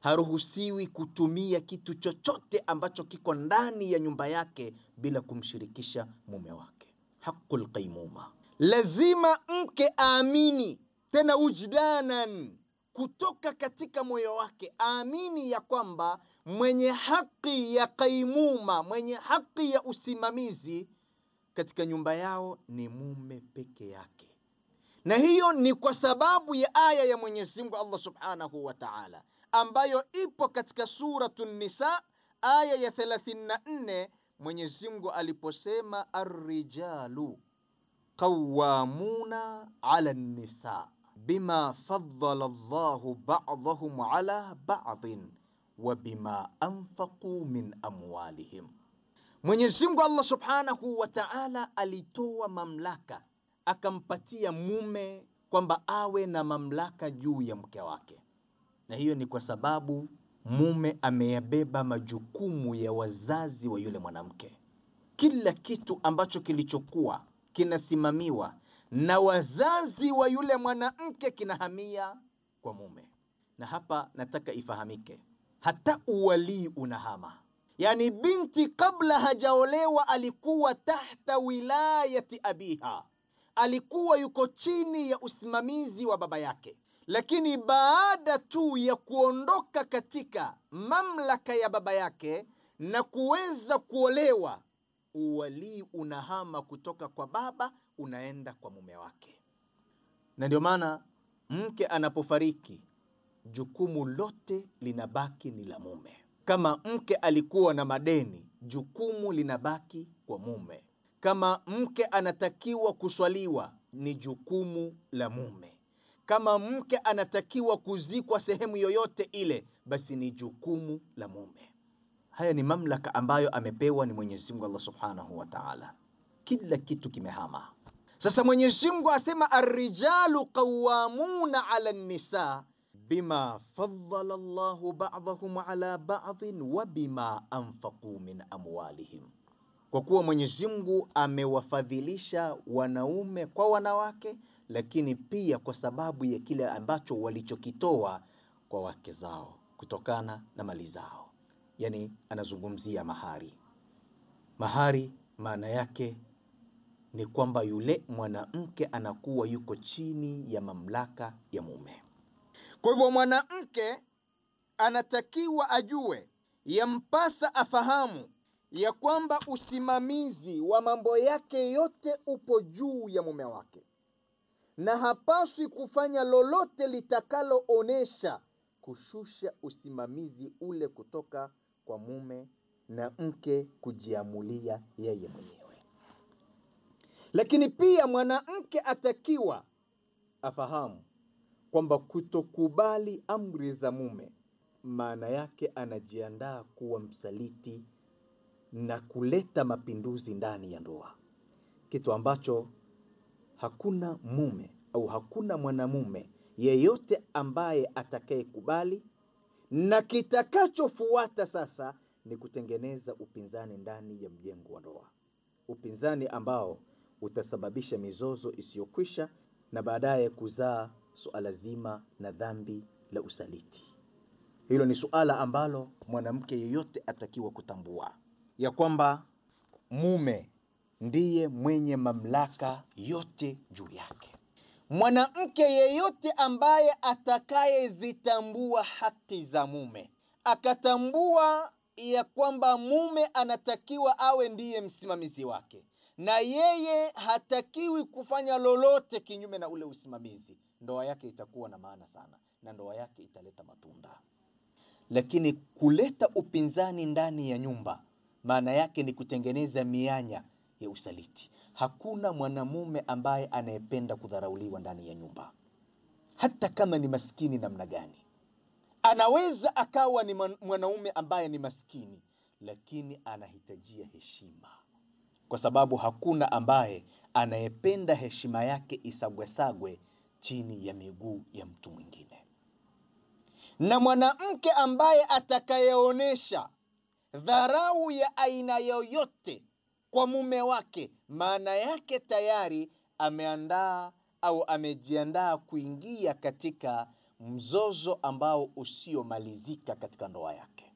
Haruhusiwi kutumia kitu chochote ambacho kiko ndani ya nyumba yake bila kumshirikisha mume wake. Haqqul qaimuma, lazima mke aamini tena, wujdanan, kutoka katika moyo wake aamini ya kwamba mwenye haki ya kaimuma, mwenye haki ya usimamizi katika nyumba yao ni mume peke yake, na hiyo ni kwa sababu ya aya ya Mwenyezi Mungu Allah Subhanahu wa Ta'ala ambayo ipo katika Suratu Nisa aya ya 34 Mwenyezi Mungu aliposema arrijalu qawamuna ala nisa bima faddala Allahu ba'dahum ala ba'din wa bima anfaqu min amwalihim. Mwenyezi Mungu Allah Subhanahu wa Ta'ala alitoa mamlaka akampatia mume kwamba awe na mamlaka juu ya mke wake, na hiyo ni kwa sababu mume ameyabeba majukumu ya wazazi wa yule mwanamke. Kila kitu ambacho kilichokuwa kinasimamiwa na wazazi wa yule mwanamke kinahamia kwa mume, na hapa nataka ifahamike hata uwalii unahama. Yani binti kabla hajaolewa alikuwa tahta wilayati abiha, alikuwa yuko chini ya usimamizi wa baba yake, lakini baada tu ya kuondoka katika mamlaka ya baba yake na kuweza kuolewa, uwalii unahama kutoka kwa baba unaenda kwa mume wake, na ndio maana mke anapofariki jukumu lote linabaki ni la mume. Kama mke alikuwa na madeni, jukumu linabaki kwa mume. Kama mke anatakiwa kuswaliwa, ni jukumu la mume. Kama mke anatakiwa kuzikwa sehemu yoyote ile, basi ni jukumu la mume. Haya ni mamlaka ambayo amepewa ni Mwenyezi Mungu Allah Subhanahu wa Ta'ala. Kila kitu kimehama sasa. Mwenyezi Mungu asema, arrijalu qawwamuna 'ala an-nisaa bima faddala Allahu ba'dahum ala badin wa bima anfaqu min amwalihim, kwa kuwa Mwenyezi Mungu amewafadhilisha wanaume kwa wanawake, lakini pia kwa sababu ya kile ambacho walichokitoa kwa wake zao kutokana na mali zao. Yani anazungumzia mahari. Mahari maana yake ni kwamba yule mwanamke anakuwa yuko chini ya mamlaka ya mume. Kwa hivyo mwanamke anatakiwa ajue, yampasa afahamu ya kwamba usimamizi wa mambo yake yote upo juu ya mume wake, na hapaswi kufanya lolote litakaloonyesha kushusha usimamizi ule kutoka kwa mume, na mke kujiamulia yeye mwenyewe. Lakini pia mwanamke atakiwa afahamu kwamba kutokubali amri za mume maana yake anajiandaa kuwa msaliti na kuleta mapinduzi ndani ya ndoa, kitu ambacho hakuna mume au hakuna mwanamume yeyote ambaye atakayekubali, na kitakachofuata sasa ni kutengeneza upinzani ndani ya mjengo wa ndoa, upinzani ambao utasababisha mizozo isiyokwisha na baadaye kuzaa suala zima na dhambi la usaliti. Hilo ni suala ambalo mwanamke yeyote atakiwa kutambua ya kwamba mume ndiye mwenye mamlaka yote juu yake. Mwanamke yeyote ambaye atakayezitambua haki za mume, akatambua ya kwamba mume anatakiwa awe ndiye msimamizi wake, na yeye hatakiwi kufanya lolote kinyume na ule usimamizi, ndoa yake itakuwa na maana sana na ndoa yake italeta matunda. Lakini kuleta upinzani ndani ya nyumba maana yake ni kutengeneza mianya ya usaliti. Hakuna mwanamume ambaye anayependa kudharauliwa ndani ya nyumba, hata kama ni maskini namna gani. Anaweza akawa ni mwanaume ambaye ni maskini, lakini anahitajia heshima, kwa sababu hakuna ambaye anayependa heshima yake isagwesagwe chini ya miguu ya mtu mwingine. Na mwanamke ambaye atakayeonyesha dharau ya aina yoyote kwa mume wake, maana yake tayari ameandaa au amejiandaa kuingia katika mzozo ambao usiomalizika katika ndoa yake.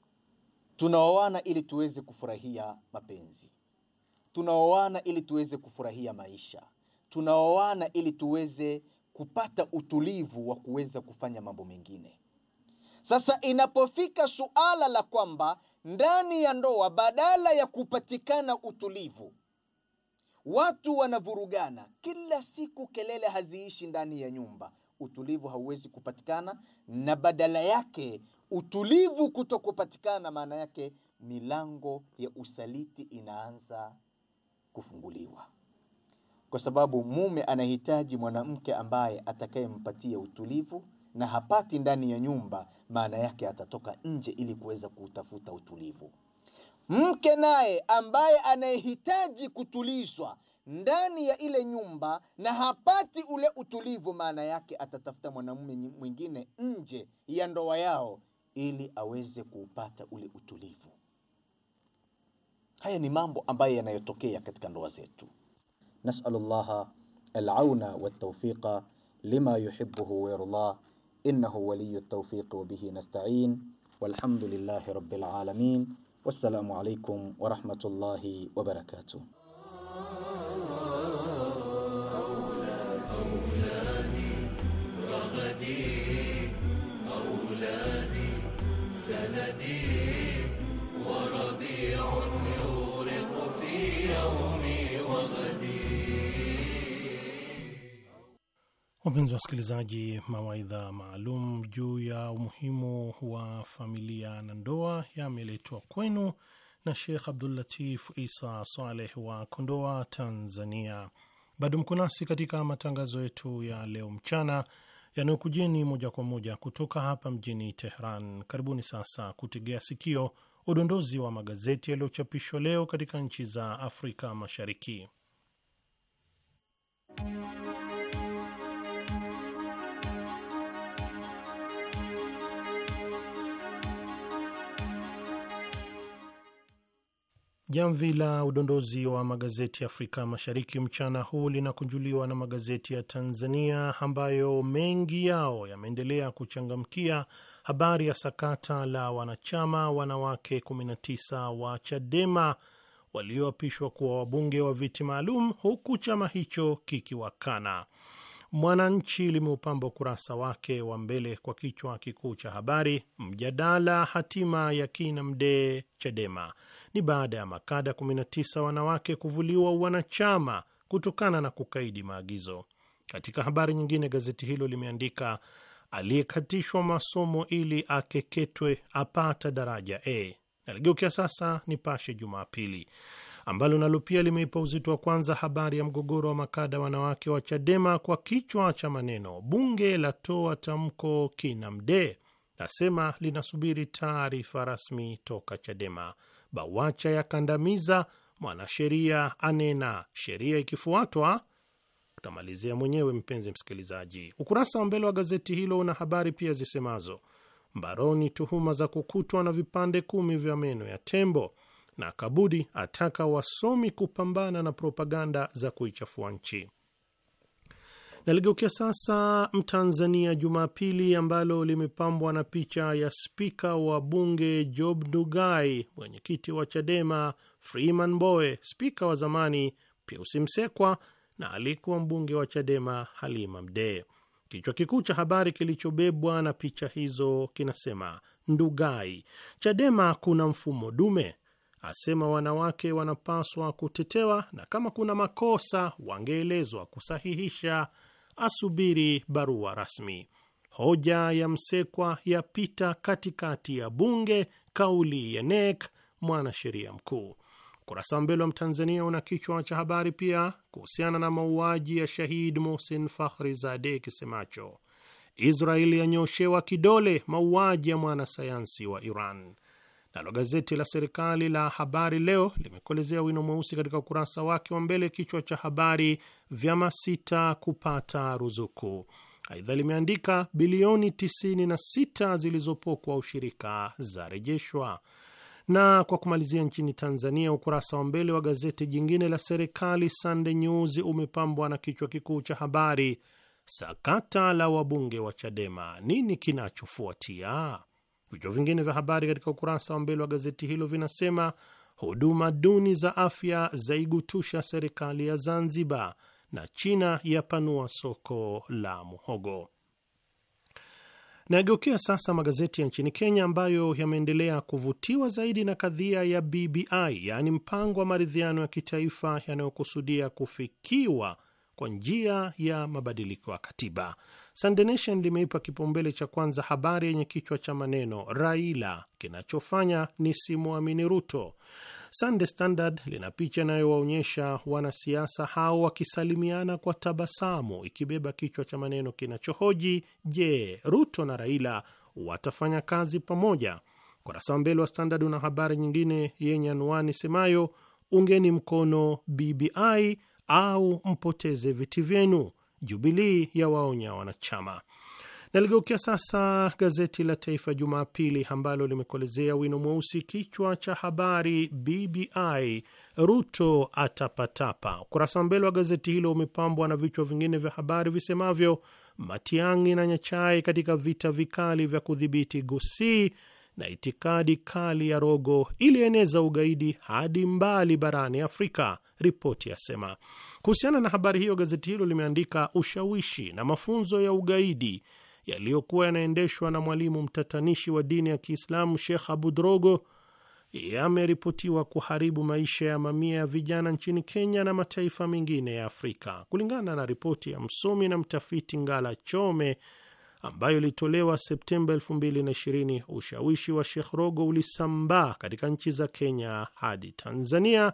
Tunaoana ili tuweze kufurahia mapenzi, tunaoana ili tuweze kufurahia maisha, tunaoana ili tuweze kupata utulivu wa kuweza kufanya mambo mengine. Sasa inapofika suala la kwamba ndani ya ndoa badala ya kupatikana utulivu, watu wanavurugana kila siku, kelele haziishi ndani ya nyumba, utulivu hauwezi kupatikana, na badala yake utulivu kutokupatikana, maana yake milango ya usaliti inaanza kufunguliwa kwa sababu mume anahitaji mwanamke ambaye atakayempatia utulivu, na hapati ndani ya nyumba, maana yake atatoka nje ili kuweza kuutafuta utulivu. Mke naye ambaye anayehitaji kutulizwa ndani ya ile nyumba na hapati ule utulivu, maana yake atatafuta mwanamume mwingine nje ya ndoa yao ili aweze kuupata ule utulivu. Haya ni mambo ambayo yanayotokea katika ndoa zetu. نسأل الله العون والتوفيق لما يحبه ويرضاه إنه ولي التوفيق وبه نستعين والحمد لله رب العالمين والسلام عليكم ورحمة الله وبركاته Wapenzi wa wasikilizaji, mawaidha maalum juu ya umuhimu wa familia na ndoa yameletwa kwenu na Shekh Abdullatif Isa Saleh wa Kondoa, Tanzania. Bado mko nasi katika matangazo yetu ya leo mchana yanayokujeni moja kwa moja kutoka hapa mjini Tehran. Karibuni sasa kutegea sikio udondozi wa magazeti yaliyochapishwa leo katika nchi za Afrika Mashariki. Jamvi la udondozi wa magazeti ya Afrika Mashariki mchana huu linakunjuliwa na magazeti ya Tanzania ambayo mengi yao yameendelea kuchangamkia habari ya sakata la wanachama wanawake 19 wa Chadema walioapishwa kuwa wabunge wa viti maalum huku chama hicho kikiwakana. Mwananchi limeupamba ukurasa wake wa mbele kwa kichwa kikuu cha habari, mjadala hatima ya kina Mdee Chadema ni baada ya makada 19 wanawake kuvuliwa wanachama kutokana na kukaidi maagizo. Katika habari nyingine, gazeti hilo limeandika aliyekatishwa masomo ili akeketwe apata daraja A. Naligeukia sasa Nipashe Jumapili ambalo nalo pia limeipa uzito wa kwanza habari ya mgogoro wa makada wanawake wa Chadema kwa kichwa cha maneno bunge latoa tamko kinamdee, nasema linasubiri taarifa rasmi toka Chadema. BAWACHA yakandamiza, mwanasheria anena, sheria ikifuatwa utamalizia mwenyewe mpenzi msikilizaji. Ukurasa wa mbele wa gazeti hilo una habari pia zisemazo mbaroni, tuhuma za kukutwa na vipande kumi vya meno ya tembo, na Kabudi ataka wasomi kupambana na propaganda za kuichafua nchi. Naligeukia sasa Mtanzania Jumapili ambalo limepambwa na picha ya spika wa bunge Job Ndugai, mwenyekiti wa Chadema Freeman Mbowe, spika wa zamani Piusi Msekwa na aliyekuwa mbunge wa Chadema Halima Mdee. Kichwa kikuu cha habari kilichobebwa na picha hizo kinasema Ndugai, Chadema kuna mfumo dume, asema wanawake wanapaswa kutetewa na kama kuna makosa wangeelezwa kusahihisha asubiri barua rasmi. Hoja ya Msekwa yapita katikati ya bunge, kauli ya NEC mwanasheria mkuu. Ukurasa wa mbele wa Mtanzania una kichwa cha habari pia kuhusiana na mauaji ya shahid Mohsen Fakhri Zade kisemacho Israeli yanyoshewa kidole mauaji ya mwanasayansi wa Iran. Nalo gazeti la serikali la Habari Leo limekolezea wino mweusi katika ukurasa wake wa mbele kichwa cha habari, vyama sita kupata ruzuku. Aidha limeandika bilioni 96 zilizopokwa ushirika zarejeshwa. Na kwa kumalizia, nchini Tanzania, ukurasa wa mbele wa gazeti jingine la serikali Sunday News umepambwa na kichwa kikuu cha habari, sakata la wabunge wa Chadema, nini kinachofuatia? Vichwa vingine vya habari katika ukurasa wa mbele wa gazeti hilo vinasema huduma duni za afya zaigutusha serikali ya Zanzibar na China yapanua soko la muhogo. Nageukia sasa magazeti ya nchini Kenya ambayo yameendelea kuvutiwa zaidi na kadhia ya BBI, yaani mpango wa maridhiano ya kitaifa yanayokusudia kufikiwa kwa njia ya mabadiliko ya katiba. Sunday Nation limeipa kipaumbele cha kwanza habari yenye kichwa cha maneno Raila, kinachofanya ni simwamini Ruto. Sunday Standard lina picha inayowaonyesha wanasiasa hao wakisalimiana kwa tabasamu, ikibeba kichwa cha maneno kinachohoji je, Ruto na Raila watafanya kazi pamoja? Ukurasa wa mbele wa Standard una habari nyingine yenye anwani semayo, ungeni mkono BBI au mpoteze viti vyenu. Jubilii ya waonya wanachama. Naligeukia sasa gazeti la Taifa Jumapili ambalo limekuelezea wino mweusi, kichwa cha habari BBI Ruto atapatapa. Ukurasa wa mbele wa gazeti hilo umepambwa na vichwa vingine vya habari visemavyo Matiang'i na Nyachai katika vita vikali vya kudhibiti Gusii na itikadi kali ya Rogo ilieneza ugaidi hadi mbali barani Afrika, ripoti yasema. Kuhusiana na habari hiyo, gazeti hilo limeandika ushawishi na mafunzo ya ugaidi yaliyokuwa yanaendeshwa na mwalimu mtatanishi wa dini ya Kiislamu shekh Abu Drogo yameripotiwa kuharibu maisha ya mamia ya vijana nchini Kenya na mataifa mengine ya Afrika. Kulingana na ripoti ya msomi na mtafiti Ngala Chome ambayo ilitolewa Septemba 2020, ushawishi wa Sheikh Rogo ulisambaa katika nchi za Kenya hadi Tanzania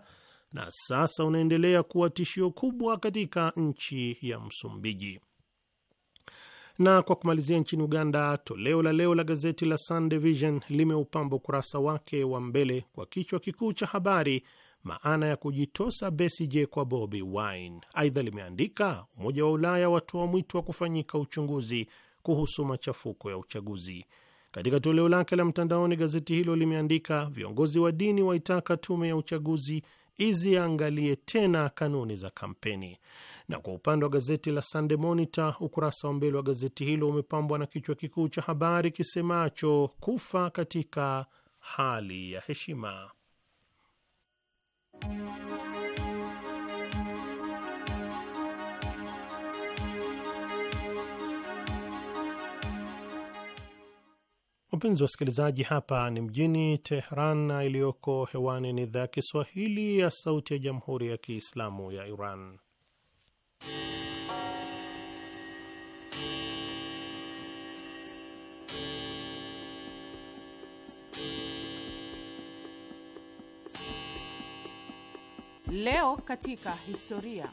na sasa unaendelea kuwa tishio kubwa katika nchi ya Msumbiji. Na kwa kumalizia, nchini Uganda, toleo la leo la gazeti la Sunday Vision limeupamba ukurasa wake wa mbele kwa kichwa kikuu cha habari maana ya kujitosa Besigye kwa Bobi Wine. Aidha limeandika Umoja wa Ulaya watoa mwito wa kufanyika uchunguzi kuhusu machafuko ya uchaguzi. Katika toleo lake la mtandaoni, gazeti hilo limeandika, viongozi wa dini waitaka tume ya uchaguzi iziangalie tena kanuni za kampeni. Na kwa upande wa gazeti la Sunday Monitor, ukurasa wa mbele wa gazeti hilo umepambwa na kichwa kikuu cha habari kisemacho kufa katika hali ya heshima. Wapenzi wa wasikilizaji, hapa ni mjini Tehran na iliyoko hewani ni idhaa ya Kiswahili ya Sauti ya Jamhuri ya Kiislamu ya Iran. Leo katika historia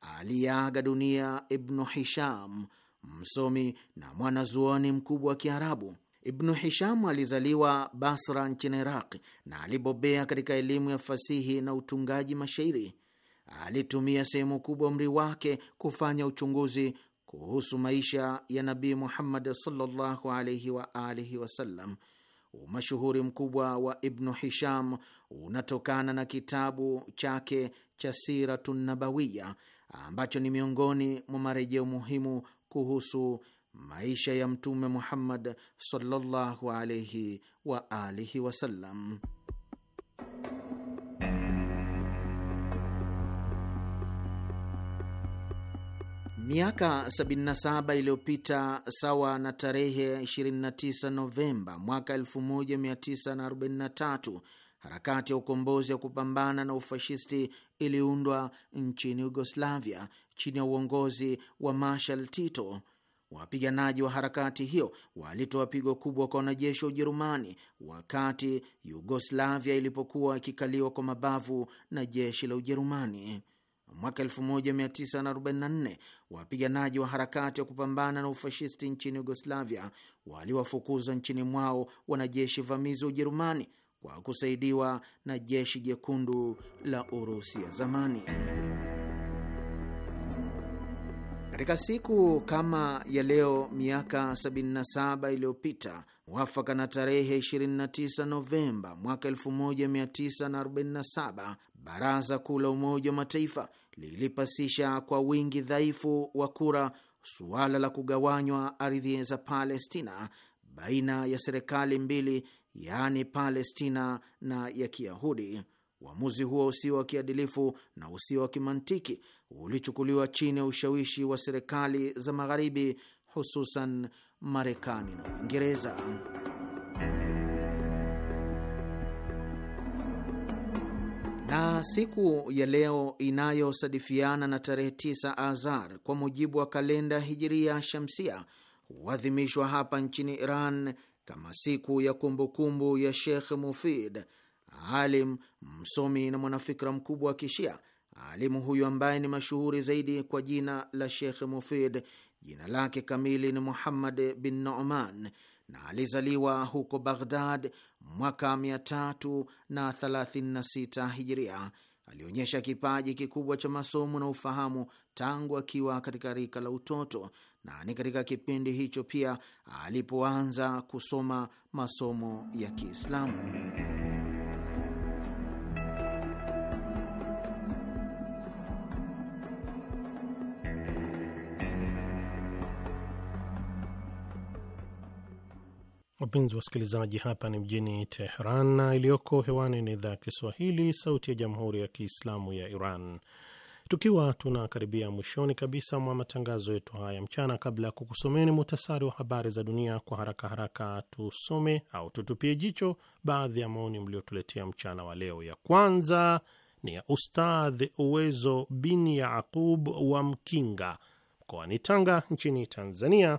aliyeaga dunia Ibnu Hisham, msomi na mwanazuoni mkubwa wa Kiarabu. Ibnu Hisham alizaliwa Basra nchini Iraq na alibobea katika elimu ya fasihi na utungaji mashairi. Alitumia sehemu kubwa umri wake kufanya uchunguzi kuhusu maisha ya Nabii Muhammad sallallahu alaihi wa alihi wasallam. Umashuhuri mkubwa wa Ibnu Hisham unatokana na kitabu chake cha Siratu Nabawiya ambacho ni miongoni mwa marejeo muhimu kuhusu maisha ya Mtume Muhammad sallallahu alaihi wa alihi wasallam. Miaka 77 iliyopita sawa na tarehe 29 Novemba mwaka 1943, harakati ya ukombozi wa kupambana na ufashisti iliundwa nchini Yugoslavia chini ya uongozi wa Marshal Tito. Wapiganaji wa harakati hiyo walitoa pigo kubwa kwa wanajeshi wa Ujerumani wakati Yugoslavia ilipokuwa ikikaliwa kwa mabavu na jeshi la Ujerumani. Mwaka 1944 wapiganaji wa harakati ya kupambana na ufashisti nchini Yugoslavia waliwafukuza nchini mwao wanajeshi vamizi wa Ujerumani kwa kusaidiwa na jeshi jekundu la Urusi ya zamani. Katika siku kama ya leo miaka 77 iliyopita mwafaka na tarehe 29 Novemba mwaka 1947 Baraza Kuu la Umoja wa Mataifa lilipasisha kwa wingi dhaifu wa kura suala la kugawanywa ardhi za Palestina baina ya serikali mbili yaani Palestina na ya Kiyahudi. Uamuzi huo usio wa kiadilifu na usio wa kimantiki ulichukuliwa chini ya ushawishi wa serikali za Magharibi, hususan Marekani na Uingereza. Na siku ya leo inayosadifiana na tarehe 9 Azar kwa mujibu wa kalenda Hijiria Shamsia huadhimishwa hapa nchini Iran kama siku ya kumbukumbu kumbu ya Shekh Mufid, alim msomi na mwanafikra mkubwa wa Kishia. Alimu huyu ambaye ni mashuhuri zaidi kwa jina la Shekh Mufid, jina lake kamili ni Muhammad bin Noman na alizaliwa huko Baghdad mwaka 336 Hijria. Alionyesha kipaji kikubwa cha masomo na ufahamu tangu akiwa katika rika la utoto na ni katika kipindi hicho pia alipoanza kusoma masomo ya Kiislamu. Wapenzi wasikilizaji, hapa ni mjini Teheran na iliyoko hewani ni idhaa ya Kiswahili, Sauti ya Jamhuri ya Kiislamu ya Iran. Tukiwa tunakaribia mwishoni kabisa mwa matangazo yetu haya mchana, kabla ya kukusomeni muhtasari wa habari za dunia kwa haraka haraka, tusome au tutupie jicho baadhi ya maoni mliotuletea mchana wa leo. Ya kwanza ni ya Ustadh Uwezo bin Yaqub wa Mkinga mkoani Tanga nchini Tanzania.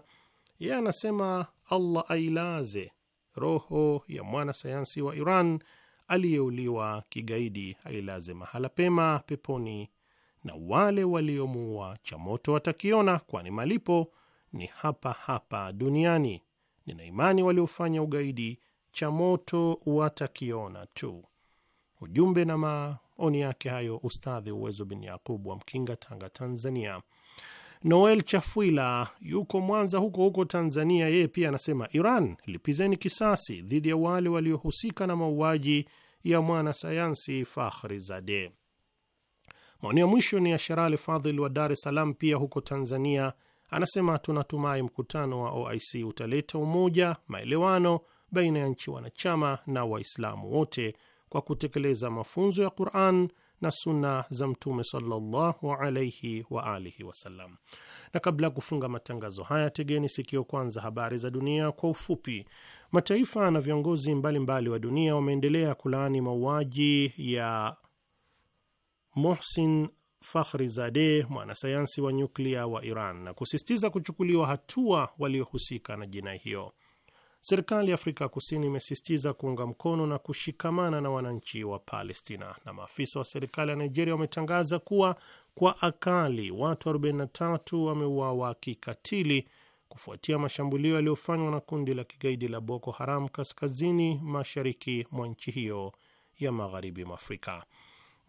Yeye anasema Allah ailaze roho ya mwanasayansi wa Iran aliyeuliwa kigaidi, ailaze mahala pema peponi na wale waliomuua cha moto watakiona, kwani malipo ni hapa hapa duniani. Nina imani waliofanya ugaidi cha moto watakiona tu. Ujumbe na maoni yake hayo Ustadhi Uwezo bin Yaqub wa Mkinga, Tanga, Tanzania. Noel Chafuila yuko Mwanza huko huko Tanzania, yeye pia anasema Iran, lipizeni kisasi dhidi ya wale waliohusika na mauaji ya mwanasayansi Fakhri Zadeh. Maoni ya mwisho ni ya Sherali Fadhil wa Dar es Salaam, pia huko Tanzania. Anasema tunatumai mkutano wa OIC utaleta umoja, maelewano baina ya nchi wanachama na Waislamu wote kwa kutekeleza mafunzo ya Quran na sunna za Mtume sallallahu alaihi wa alihi wasallam. Na kabla ya kufunga matangazo haya, tegeni sikio kwanza habari za dunia kwa ufupi. Mataifa na viongozi mbalimbali mbali wa dunia wameendelea kulaani mauaji ya Mohsin zade mwanasayansi wa nyuklia wa Iran, na kusisitiza kuchukuliwa hatua waliohusika na jinai hiyo. Serikali ya Afrika Kusini imesisitiza kuunga mkono na kushikamana na wananchi wa Palestina, na maafisa wa serikali ya Nigeria wametangaza kuwa kwa akali watu 43 wameuawa kikatili kufuatia mashambulio yaliyofanywa na kundi la kigaidi la Boko Haram kaskazini mashariki mwa nchi hiyo ya magharibi mwa Afrika.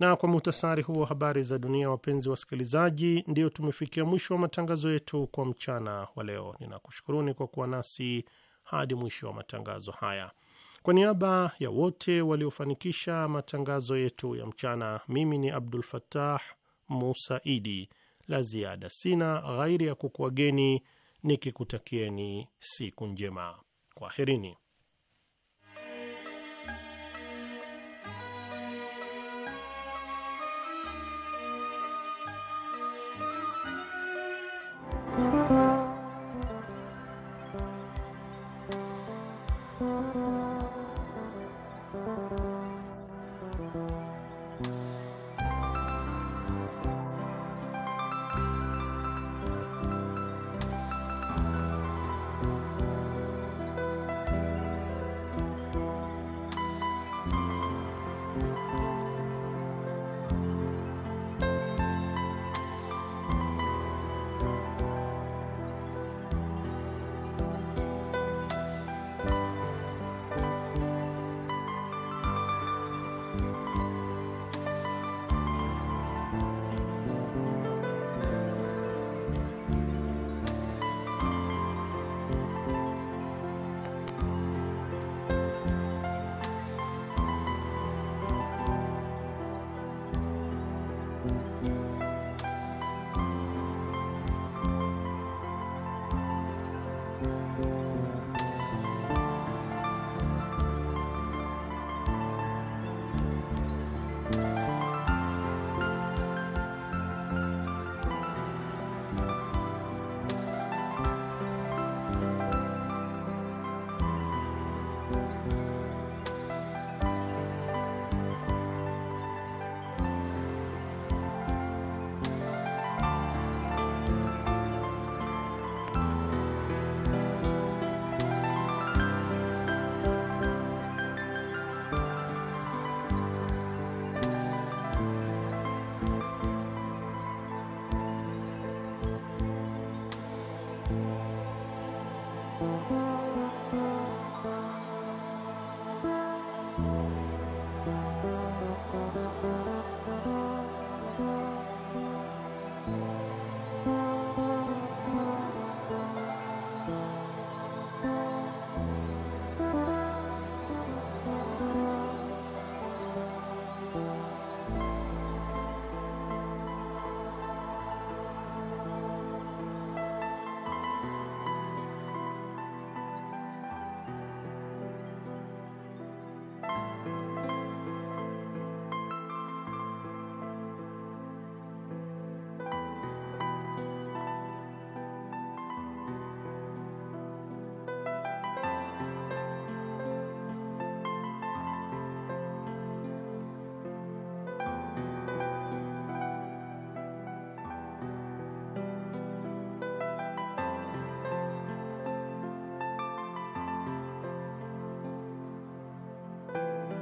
Na kwa muhtasari huo habari za dunia, wapenzi wasikilizaji, ndio tumefikia mwisho wa matangazo yetu kwa mchana wa leo. Ninakushukuruni kwa kuwa nasi hadi mwisho wa matangazo haya. Kwa niaba ya wote waliofanikisha matangazo yetu ya mchana, mimi ni Abdul Fattah Musaidi. La ziada sina ghairi ya kukuageni nikikutakieni siku njema. Kwaherini.